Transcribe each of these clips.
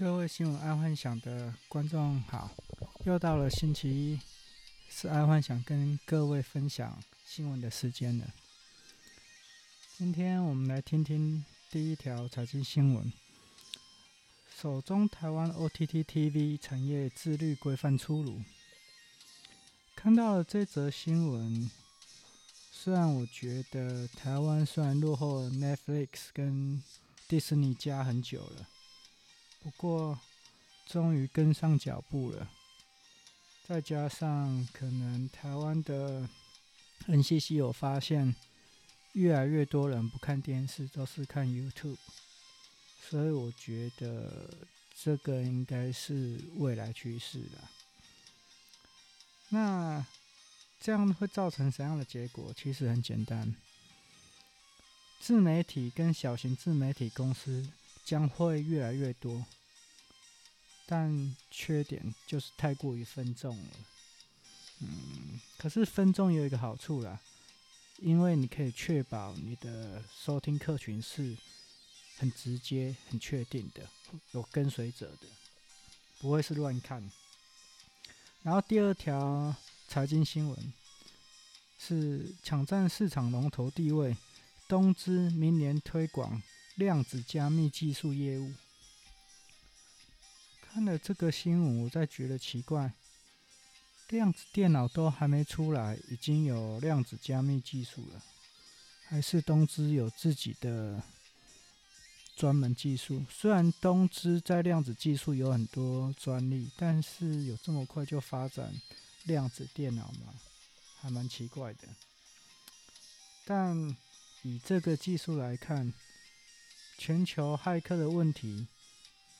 各位新聞愛幻想的觀眾好，又到了星期一，是愛幻想跟各位分享新聞的時間了。今天我們來聽聽第一條財經新聞，首宗台灣 OTT TV 產業自律規範出爐。看到了這則新聞，雖然我覺得台灣雖然落後了 Netflix 跟迪士尼加很久了。不過，終於跟上腳步了。再加上可能台灣的 NCC 有發現，越來越多人不看電視都是看 YouTube，所以我覺得這個應該是未來趨勢了。那這樣會造成什麼樣的結果？其實很簡單，自媒體跟小型自媒體公司。將會越來越多，但缺點就是太過於分眾了。嗯，可是分眾有一個好處啦，因為你可以確保你的收聽客群是很直接、很確定的，有跟隨者的，不會是亂看。然後第二條財經新聞是搶佔市場龍頭地位，東芝明年推廣。量子加密技術業務。看了這個新聞，我在覺得奇怪：量子電腦都還沒出來，已經有量子加密技術了，還是東芝有自己的專門技術？雖然東芝在量子技術有很多專利，但是有這麼快就發展量子電腦嗎？還蠻奇怪的。但以這個技術來看，全球駭客的問題，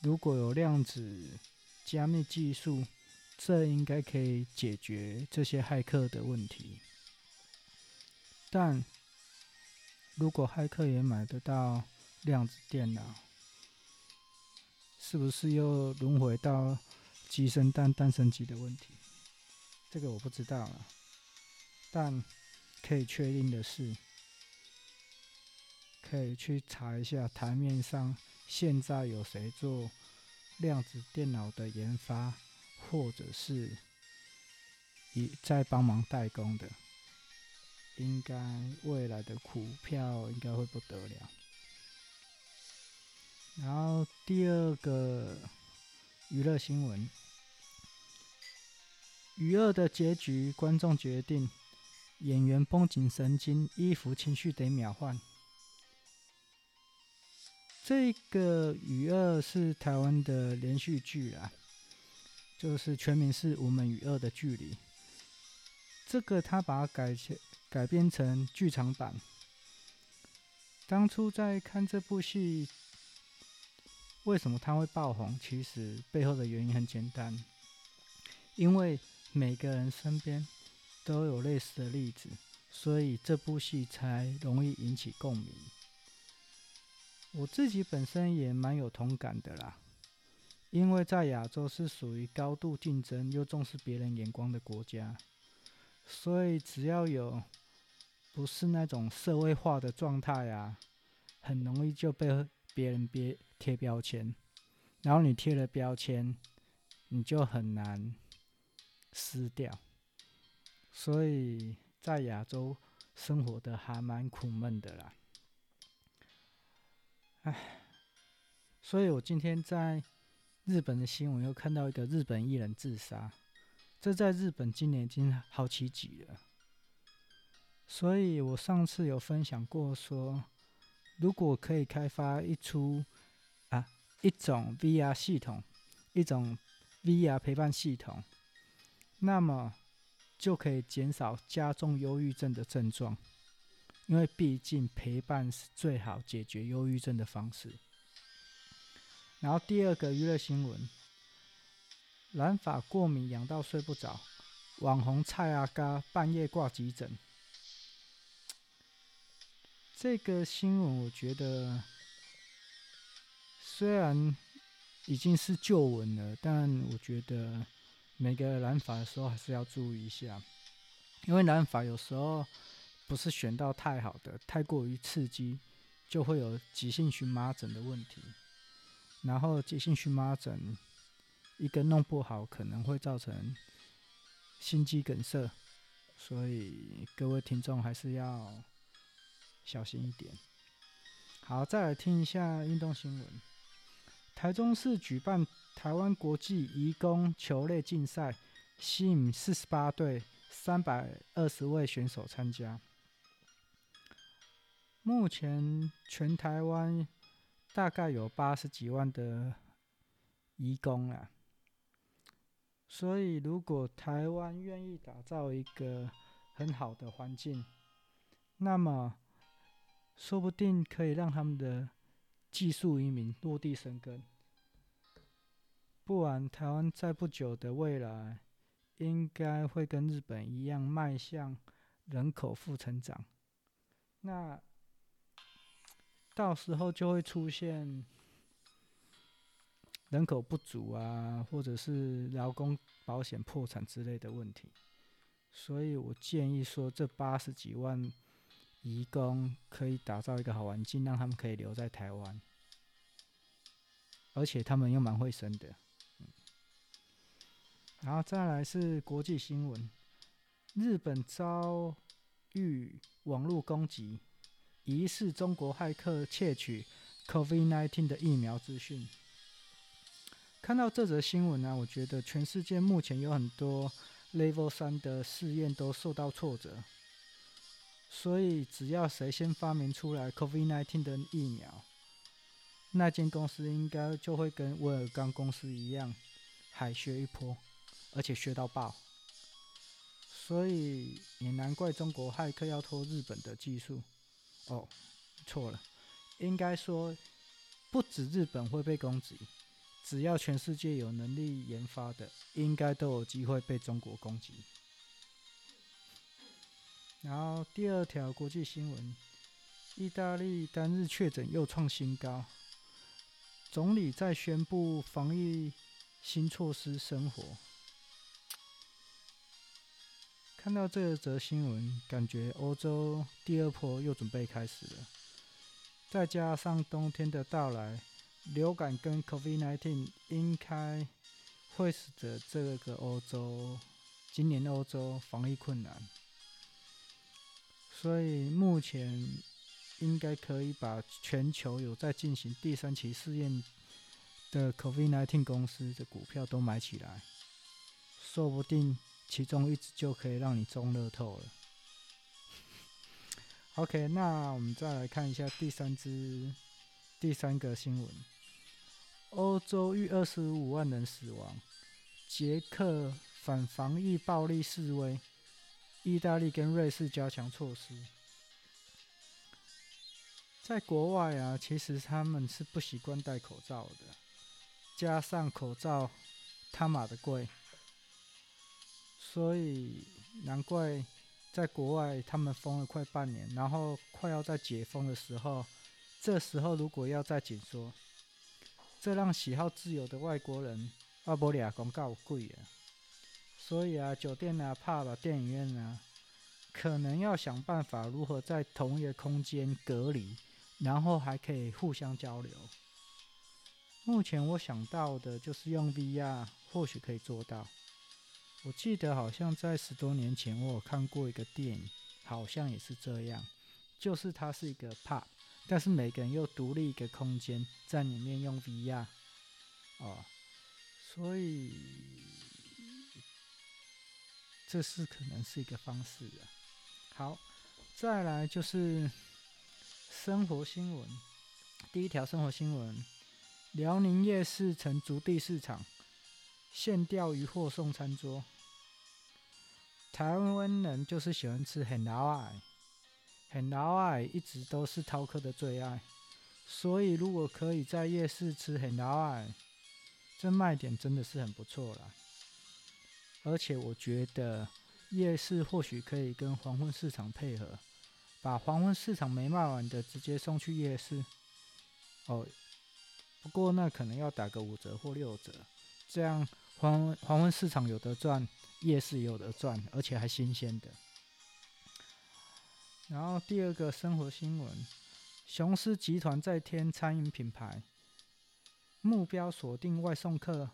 如果有量子加密技術，這應該可以解決這些駭客的問題。但如果駭客也買得到量子電腦，是不是又輪回到雞生蛋、蛋生雞的問題？這個我不知道了。但可以確定的是。可以去查一下台面上現在有誰做量子電腦的研發，或者是已在幫忙代工的，應該未來的股票應該會不得了。然後第二個娛樂新聞，與惡的結局觀眾決定，演員繃緊神經，衣服、情緒得秒換。這個《與惡》是台灣的連續劇啊，就是全名是我們與惡的距離。這個他把它改寫改編成劇場版。當初在看這部戲，為什麼他會爆紅？其實背後的原因很簡單，因為每個人身邊都有類似的例子，所以這部戲才容易引起共鳴。我自己本身也蠻有同感的啦，因為在亞洲是屬於高度競爭又重視別人眼光的國家，所以只要有不是那種社會化的狀態啊，很容易就被別人別貼標籤，然後你貼了標籤，你就很難撕掉，所以在亞洲生活的還蠻苦悶的啦。哎，所以我今天在日本的新聞又看到一個日本藝人自殺，這在日本今年已經好幾起了。所以我上次有分享過說，如果可以開發一出啊一種 VR 系統，一種 VR 陪伴系統，那麼就可以減少加重憂鬱症的症狀。因為畢竟陪伴是最好解決憂鬱症的方式。然後第二個娛樂新聞：染髮過敏癢到睡不着，網紅蔡阿嘎半夜掛急診。這個新聞我覺得雖然已經是舊聞了，但我覺得每個人染髮的時候還是要注意一下，因為染髮有時候。不是選到太好的，太過於刺激，就會有急性蕁麻疹的問題。然後急性蕁麻疹一根弄不好，可能會造成心肌梗塞。所以各位聽眾還是要小心一點。好，再來聽一下運動新聞。台中市舉辦台灣國際移工球類競賽，吸引四十八隊三百二十位選手參加。目前全台灣大概有八十幾萬的移工啊，所以如果台灣願意打造一個很好的環境，那麼說不定可以讓他們的技術移民落地生根。不然，台灣在不久的未來應該會跟日本一樣邁向人口負成長。那...到時候就會出現人口不足啊，或者是勞工保險破產之類的問題，所以我建議說，這八十幾萬移工可以打造一個好環境，讓他們可以留在台灣，而且他們又蠻會生的。嗯。然後再來是國際新聞，日本遭遇網絡攻擊。疑似中國駭客竊取 COVID-19 的疫苗資訊。看到這則新聞呢、啊，我覺得全世界目前有很多 Level 三的試驗都受到挫折，所以只要誰先發明出來 COVID-19 的疫苗，那間公司應該就會跟威而鋼公司一樣，海削一波，而且削到爆。所以也難怪中國駭客要偷日本的技術。哦，錯了，應該說，不止日本會被攻擊，只要全世界有能力研發的，應該都有機會被中國攻擊。然後第二條國際新聞，意大利單日確診又創新高，總理再宣布防疫新措施生活。看到這則新聞，感覺歐洲第二波又準備開始了。再加上冬天的到來，流感跟 COVID-19 應該會使得這個歐洲今年的歐洲防疫困難。所以目前應該可以把全球有在進行第三期試驗的 COVID-19 公司的股票都買起來，說不定。其中一支就可以讓你中樂透了。OK，那我們再來看一下第三支、第三個新聞：歐洲逾二十五萬人死亡，捷克反防疫暴力示威，意大利跟瑞士加強措施。在國外啊，其實他們是不習慣戴口罩的，加上口罩，他媽的貴。所以難怪，在國外他們封了快半年，然後快要在解封的時候，這時候如果要再緊縮，這讓喜好自由的外國人阿伯倆公告貴啊。所以啊，酒店啊，Pub、啊啊，電影院啊，可能要想辦法如何在同一個空間隔離，然後還可以互相交流。目前我想到的就是用 VR，或許可以做到。我記得好像在十多年前，我有看過一個電影，好像也是這樣，就是它是一個 pub，但是每個人又獨立一個空間在裡面用 VR，哦，所以這是可能是一個方式啊。好，再來就是生活新聞，第一條生活新聞：遼寧夜市成築地市場，現釣漁獲送餐桌。台灣人就是喜歡吃很老矮，很老矮一直都是饕客的最愛，所以如果可以在夜市吃很老矮，這賣點真的是很不錯啦。而且我覺得夜市或許可以跟黃昏市場配合，把黃昏市場沒賣完的直接送去夜市，哦，不過那可能要打個五折或六折，這樣黃黃昏市場有得賺。夜市有的賺，而且還新鮮的。然後第二個生活新聞，雄獅集團再添餐飲品牌，目標鎖定外送客，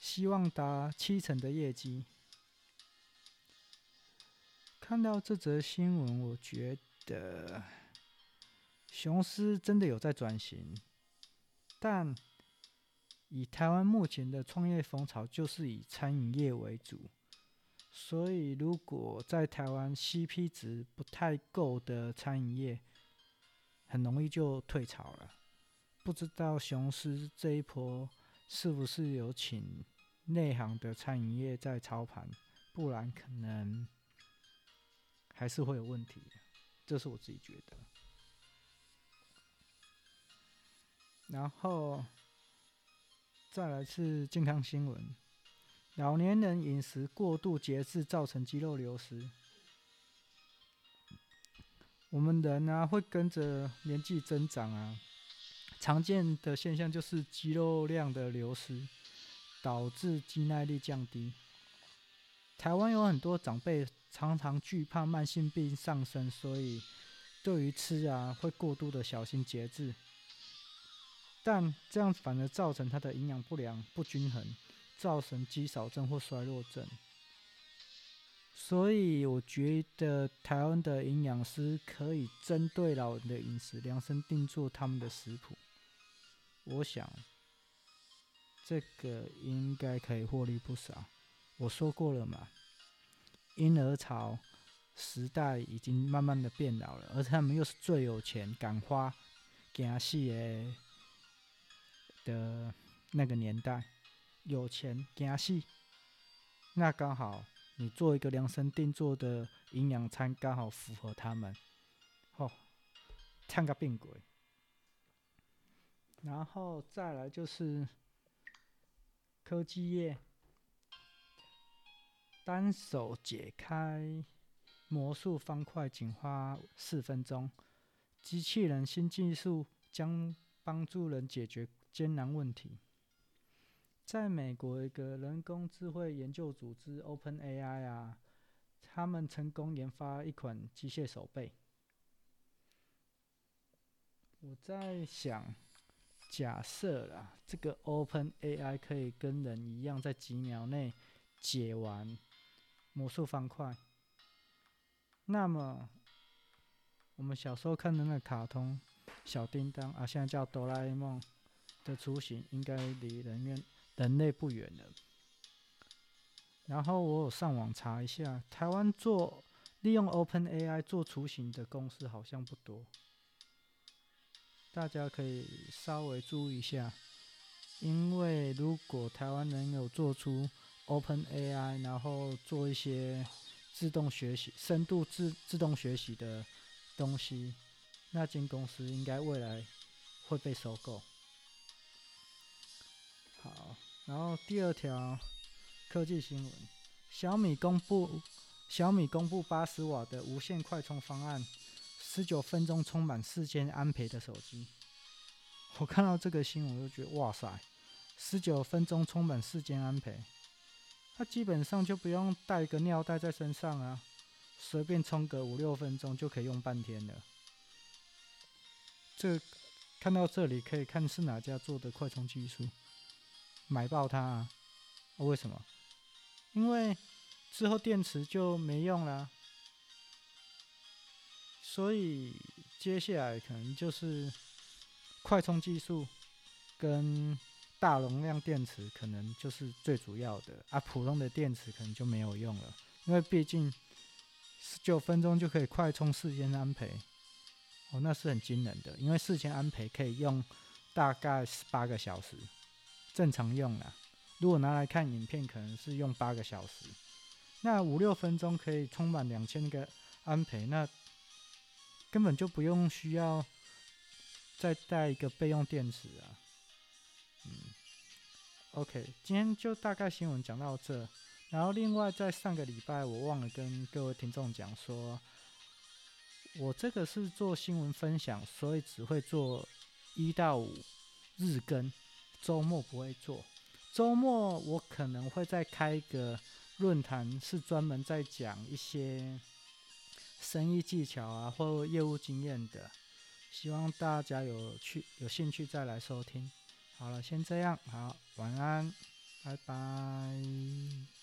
希望達七成的業績。看到這則新聞，我覺得雄獅真的有在轉型，但。以台灣目前的創業風潮，就是以餐飲業為主，所以如果在台灣 CP 值不太夠的餐飲業，很容易就退潮了。不知道雄獅這一波是不是有請內行的餐飲業在操盤，不然可能還是會有問題。這是我自己覺得。然後。再來是健康新聞，老年人飲食過度節制造成肌肉流失。我們人啊，會跟着年紀增長啊，常見的現象就是肌肉量的流失，導致肌耐力降低。台灣有很多長輩常常懼怕慢性病上升，所以對於吃啊，會過度的小心節制。但這樣反而造成他的營養不良、不均衡，造成肌少症或衰弱症。所以我覺得台灣的營養師可以針對老人的飲食量身定做他們的食譜。我想這個應該可以獲利不少。我說過了嘛，嬰兒潮時代已經慢慢的變老了，而他們又是最有錢、敢花、怕死的。的那個年代，有錢驚死。那剛好你做一個量身定做的營養餐，剛好符合他們，哦，唱個病鬼，然後再來就是科技業，單手解開魔術方塊僅花四分鐘，機器人新技術將幫助人解決。艱難問題。在美國，一個人工智慧研究組織 OpenAI 啊，他們成功研發一款機械手背。我在想，假設啦，這個 OpenAI 可以跟人一樣，在幾秒內解完魔術方塊，那麼我們小時候看的那個卡通小叮當啊，現在叫哆啦 A 夢。的雛形應該離人人類不遠了。然後我有上網查一下，台灣做利用 OpenAI 做雛形的公司好像不多。大家可以稍微注意一下，因為如果台灣能有做出 OpenAI，然後做一些自動學習、深度自自動學習的東西，那間公司應該未來會被收購。然後第二條科技新聞，小米公布小米公布八十瓦的無線快充方案，十九分鐘充滿四千安培的手機。我看到這個新聞，我就覺得哇塞，十九分鐘充滿四千安培，那基本上就不用帶一個尿袋在身上啊，隨便充個五六分鐘就可以用半天了。這個，看到這裡可以看是哪家做的快充技術。買爆它啊、哦！為什麼？因為之後電池就沒用了、啊，所以接下來可能就是快充技術跟大容量電池，可能就是最主要的啊。普通的電池可能就沒有用了，因為畢竟19分鐘就可以快充4,000安培，哦，那是很驚人的，因為4,000安培可以用大概十八個小時。正常用啊，如果拿來看影片，可能是用八個小時，那五六分鐘可以充滿兩千個安培，那根本就不用需要再帶一個備用電池啊。嗯，OK，今天就大概新聞講到這，然後另外在上個禮拜，我忘了跟各位聽眾講說，我這個是做新聞分享，所以只會做一到五日更。週末不會做，週末我可能會再開一個論壇，是專門在講一些生意技巧啊或業務經驗的，希望大家有去有興趣再來收聽。好了，先這樣，好，晚安，拜拜。